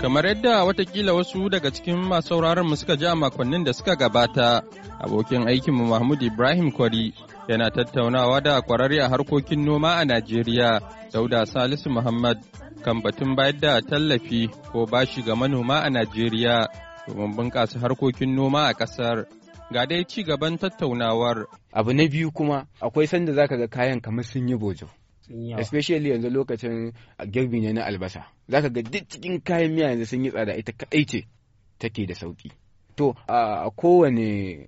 Kamar yadda watakila wasu daga cikin masu mu suka ji a makonnin da suka gabata, abokin aikinmu Mahmud Ibrahim Kwari yana tattaunawa da kwararre a harkokin noma a Najeriya, Dauda Salisu Muhammad, kan batun bayar da tallafi ko bashi ga manoma a Najeriya domin bunƙasa harkokin noma a ƙasar. Ga dai ci gaban tattaunawar. Abu na biyu kuma akwai sanda zaka ga kayan kamar sun yi bojo. especially yanzu lokacin girbi ne na albasa za ka ga duk cikin kayan miya yanzu sun yi tsada ita kadai ce take da sauki to a kowane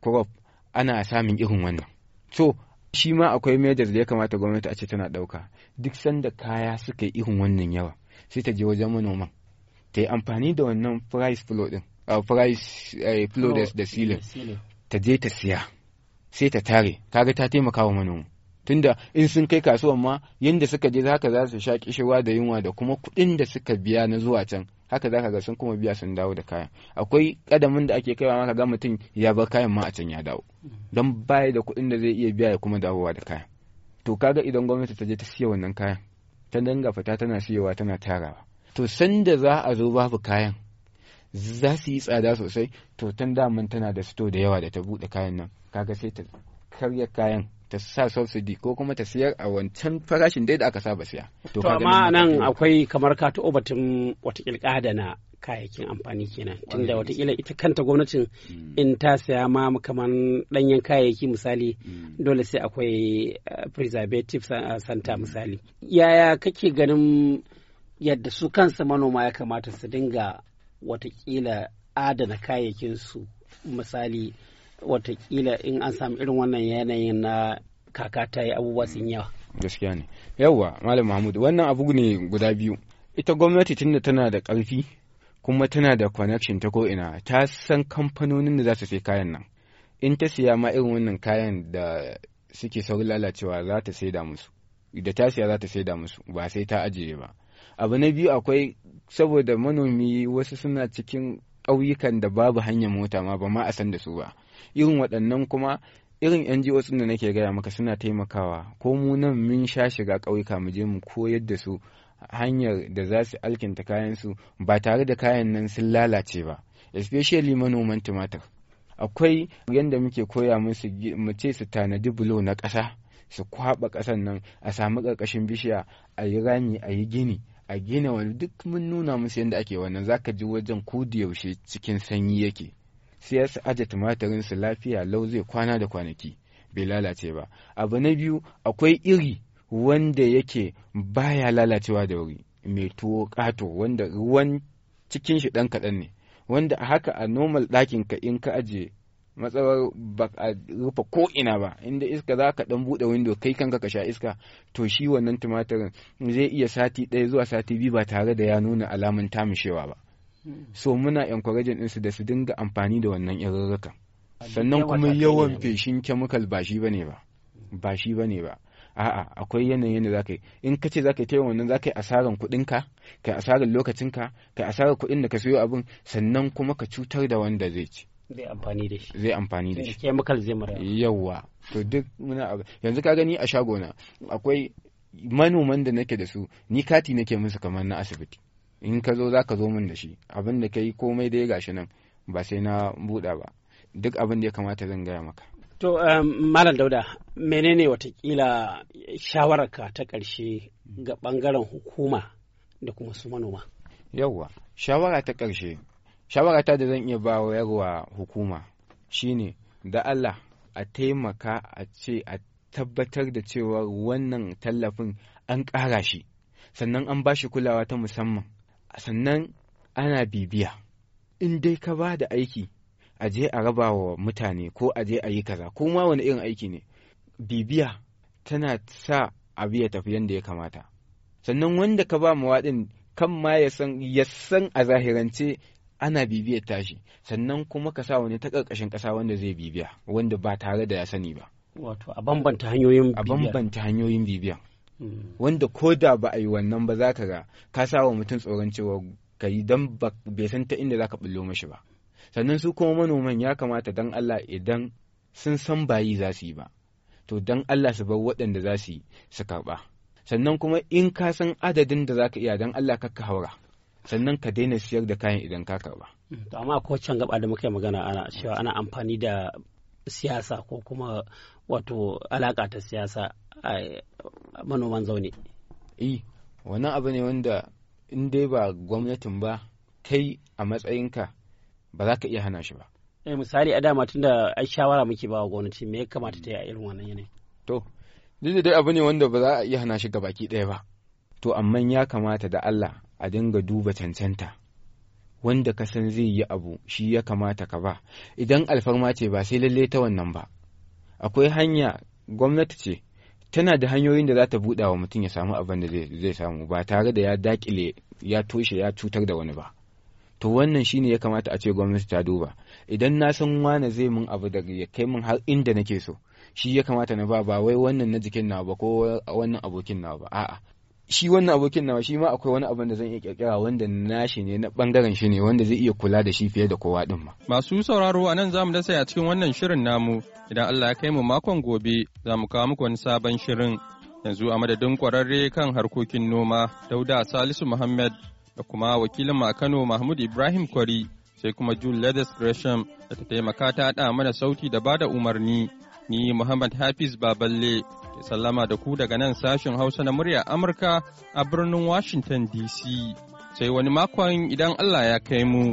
crop ana samun irin wannan so shi ma akwai mejar da ya kamata gwamnati a ce tana ɗauka duk sanda kaya suka yi irin wannan yawa sai ta je wajen manoman ta yi amfani da wannan price flow din price flow da ceiling ta je ta siya sai ta tare kaga ta taimaka wa manoma tunda in sun kai kasuwan ma yanda suka je haka za su sha kishewa da yunwa da kuma kuɗin da suka biya na zuwa can haka za ka ga sun kuma biya sun dawo da kayan akwai kadamin da ake kaiwa maka ga mutum ya bar kayan ma a can ya dawo don baya da kuɗin da zai iya biya ya kuma dawowa da kayan to kaga idan gwamnati ta je ta siya wannan kayan ta danga fita tana siyowa tana tarawa to sanda za a zo babu kayan za su yi tsada sosai to tun daman tana da sito da yawa da ta buɗe kayan nan kaga sai ta karya kayan ta sa subsidy ko kuma ta siyar a wancan farashin dai da aka saba siya. To amma nan akwai kamar ka ta obatin watakil na kayayyakin amfani kenan tunda watakila ita kanta gwamnatin mm. in ta siya ma kamar ɗanyen kayayyaki misali mm. dole sai akwai eh, preservative santa eh, mm. misali. Yaya kake ganin yadda su kansa manoma ya kamata su dinga watakila adana kayayyakinsu misali watakila in an samu irin wannan yanayin na kaka ta yi abubuwa sun yawa gaskiya ne yawwa malam mahmud wannan abu ne guda biyu ita gwamnati tun da tana da ƙarfi kuma tana da connection ta ko'ina ta san kamfanonin da za su sai kayan nan in ta siya ma irin wannan kayan da suke saurin lalacewa za ta sai da musu da ta siya za ta sai da musu ba sai ta ajiye ba abu na biyu akwai saboda manomi wasu suna cikin ƙauyukan da babu hanyar mota ma ba ma a san da su ba irin waɗannan kuma irin yan NGOs da nake gaya maka suna taimakawa ko mu nan mun sha shiga ƙauyuka mu je mu koyar da su hanyar da za su alkinta kayan su ba tare da kayan nan sun lalace ba especially manoman tumatir akwai yadda muke koya musu mu ce su tanadi bulo na ƙasa su kwaɓa ƙasan nan a samu ƙarƙashin bishiya a yi rami a yi gini a gina wani duk mun nuna musu yadda ake wannan zaka ji wajen ko yaushe cikin sanyi yake sai sa aje tumatirinsu lafiya lau zai kwana da kwanaki bai lalace ba abu na biyu akwai iri wanda yake baya lalacewa da wuri mai tuwo kato wanda ruwan cikin shi ɗan kaɗan ne wanda a haka a normal ɗakin ka in ka aje matsawar ba a rufe ko ina ba inda iska za ka ɗan buɗe window kai kanka ka sha iska to shi wannan tumatirin zai iya sati ɗaya zuwa sati biyu ba tare da ya nuna alamun tamishewa ba so muna encouraging ɗinsu da su dinga amfani da wannan irarrukan sannan kuma yawan feshin chemical ba shi bane ba ba shi bane ba a'a akwai yanayin da zaka yi in ka ce zaka yi tayin wannan zaka yi asarar kuɗin ka Ka asarar lokacin ka Ka asarar kuɗin da ka sayo abin sannan kuma ka cutar da wanda zai ci zai amfani da shi zai amfani da shi chemical zai mara yawa to duk muna abu yanzu ka gani a shagona akwai manoman da nake da su ni kati nake musu kamar na asibiti in ka zo za ka zo min da shi abin da ka yi komai dai gashi nan ba sai na buɗa ba duk abin da ya kamata zan gaya maka To, um, Malam Dauda, menene watakila shawararka ta ƙarshe ga ɓangaren hukuma da kuma su manoma? Yawwa, shawara ta ƙarshe, shawara ta da zan iya bayarwa hukuma shine da Allah a taimaka a ce a tabbatar da cewa wannan tallafin an ƙara shi, sannan an ba shi kulawa ta musamman. sannan ana bibiya in dai ka ba da aiki a je a raba wa mutane ko a je a yi kaza ko ma wani irin aiki ne bibiya tana sa abu ya tafi yadda ya kamata sannan wanda ka ba mawaɗin kan ma ya san a zahirance ana bibiyar tashi sannan kuma ka sa wani ta ƙarƙashin ƙasa wanda zai bibiya wanda ba tare da ya sani ba wato a bambanta hanyoyin bibiya a bambanta hanyoyin bibiya wanda ko da ba a yi wannan ba za ka ga ka sa wa mutum tsoron cewa ka yi don bai san ta inda za ka bullo mashi ba sannan su kuma manoman ya kamata don Allah idan sun san bayi za su yi ba to don Allah su bar waɗanda za su yi su karɓa sannan kuma in ka san adadin da za ka iya don Allah ka haura sannan ka daina siyar da kayan idan ka karɓa. to amma ko can gaba da muka yi magana ana cewa ana amfani da siyasa ko kuma wato alaka ta siyasa a manoman zaune eh wannan abu ne wanda in dai ba gwamnatin ba kai a matsayinka ba za ka iya hana shi ba eh misali a dama tunda a shawara muke ba wa gwamnati me ya kamata ta yi a irin wannan yanayi to duk dai abu ne wanda ba za a iya hana shi gabaki ɗaya ba to amma ya kamata da Allah a dinga duba cancanta wanda ka san zai yi abu shi ya kamata ka ba idan alfarma ce ba sai lalle ta wannan ba akwai hanya gwamnati ce tana da hanyoyin da za ta buɗa wa mutum ya samu abin da zai samu ba tare da ya dakile ya toshe ya cutar da wani ba to wannan shine ya kamata a ce gwamnati ta duba idan na san wane zai mun abu da ya kai mun har inda nake so shi ya kamata na ba ba wai wannan na jikin nawa ba ko wannan abokin nawa ba a'a shi wannan abokin nawa shi ma akwai wani abin da zan iya kirkira wanda nashi ne na bangaren shi ne wanda zai iya kula da shi fiye da kowa din ma. Masu sauraro a nan zamu dasa a cikin wannan shirin namu idan Allah ya kai mu makon gobe za mu kawo muku wani sabon shirin yanzu a madadin kwararre kan harkokin noma Dauda Salisu Muhammad da kuma wakilin mu a Kano Mahmud Ibrahim Kwari sai kuma Jule Leathers Gresham da ta taimaka ta haɗa mana sauti da bada umarni ni Muhammad Hafiz Baballe Ke sallama da ku daga nan sashen Hausa na murya Amurka a birnin Washington DC. Sai wani makon idan Allah ya kai mu.